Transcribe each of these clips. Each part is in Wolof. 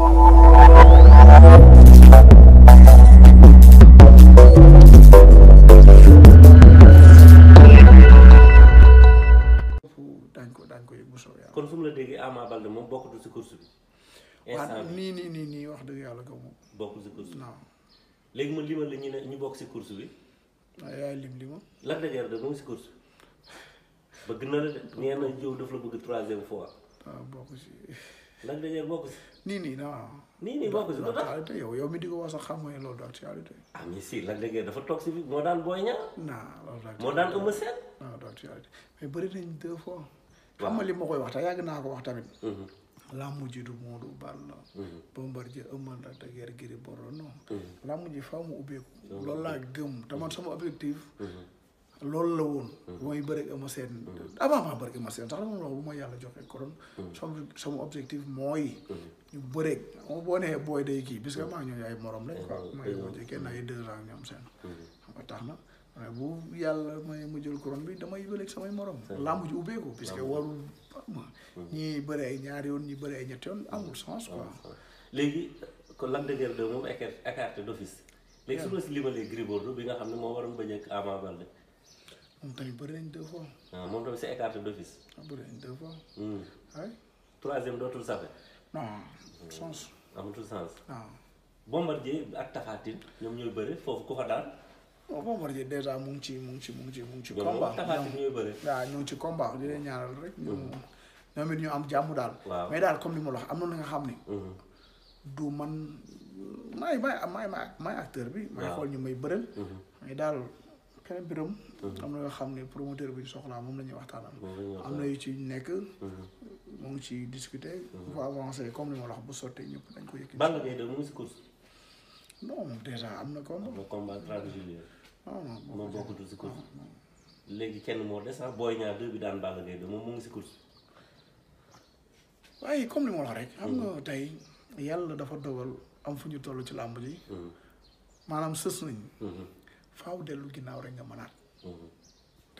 kon fu mu la déggee Ama Baldé moom bokkatu si course bi. instant nii nii nii nii wax dëgg yàlla ko moom. bokkul si course bi waaw. ñu bokk si course bi. waaw yaay lim lima. Lac de Guiers de moom si course bi. bëgg na la de nee na jiw daf la bëgg troisième fois. waaw bokk si. la de Guiers bokk nii nii non. nii nii yow yow mi di ko wax sax xam loolu du actualité. ah mais si Lac de Guiers dafa toog si moo daan Boy Niang. non la moo daan Eumeu Sène. mais bëri nañ deux fois. li ma koy wax te yàgg naa ko wax tamit. Mhm. làmb ji du Modou Balla. Mhm. Bombardier Eumeu Lac de Guiers Gris Bordeaux non. Mhm. làmb ji mu ubbeeku. loolu laa gëm te man sama objectif. loolu la woon. mooy bëri ama seen. avant maa bëri ama seen sax dama loolu mooy yàlla joxe kon. sama sama objectif mooy. ñu bëreek moom boo nee booy kii parce que maa ay morom lañ quoi. waaw waaw waaw kenn ay deux tax na waaye bu yàlla may mu jël couronne bi damay bëreeg samay morom. làmb ji ubbeeku parce que warul am. Mm-hmm. ñii bëri ay ñaari yoon ñi bëree ay ñetti yoon amul sens quoi. léegi kon Lac de Guiers 2 moom écarté d'office. léegi su ma si limalee Gris Bordeaux bi nga xam ne moo waroon bañ a Ama Baldé moom tamit bëri nañ deux fois. waaw moom tamit c'est écarté d'office. bëri nañ deux fois. oui. troisième dootul safe. non sens. amatul sens. waaw. ak Tapha Tine ñoom ñooy bëri foofu ku fa daan. waaw Bombardier déjà mu ngi ci mu ci mu ngi ci mu ngi ci. combat ñoom waaw ci combat di leen ñaaral rek. ñoom it ñu am jàmm daal. mais daal comme li ma la am na lu nga xam ni. du man maay maay maay maay acteur bi. waaw xool ñu may bëreel. mais daal. keneen biram am na yoo xam ne promoteur bi soxlaa moom la ñuy am na yu ci nekk mu ngi ci discuter bu mm-hmm. fa comme li ma la bu sottee ñëpp dañ ko yëkk Balla Gaye de mu ngi si na combat am na combat 30 juillet non non moom léegi kenn moo des ah Boy Niang 2 bi daan Balla Gaye de moom mu ngi si course waaye comme li ma la rek am nga mm-hmm. tey yàlla dafa dogal am fu ñu toll ci làmb ji mm-hmm. maanaam sës nañ faaw dellu ginnaaw rek nga mënaat. da mm-hmm.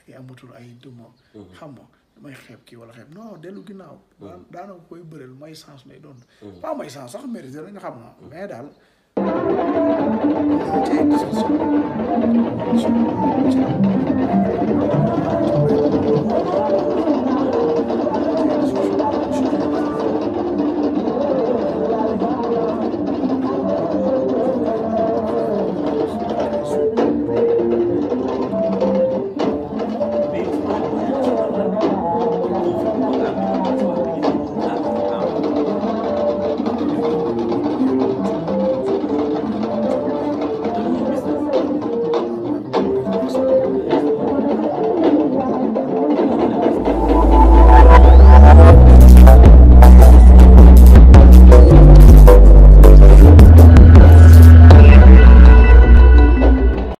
ngay amatul ay duma. Mm-hmm. xam nga damay xeeb kii wala xeeb non dellu ginnaaw. Mm-hmm. daanaka koy bëreel may chance lay doon. pas may chance sax mérite la nga xam na mais daal. ci ay